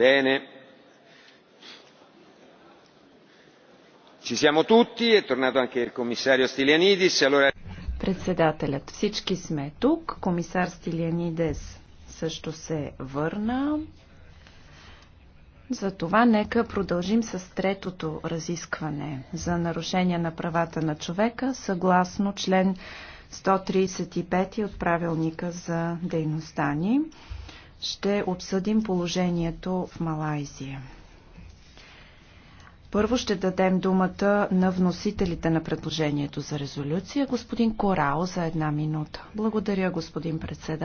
bene ci siamo tutti è tornato anche il commissario Stylianidis allora Председателят. Всички сме тук. Комисар Стилианидес също се върна. Затова нека продължим с третото разискване за нарушение на правата на човека, съгласно член 135 от правилника за дейността ни ще обсъдим положението в Малайзия. Първо ще дадем думата на вносителите на предложението за резолюция, господин Корао, за една минута. Благодаря, господин председател.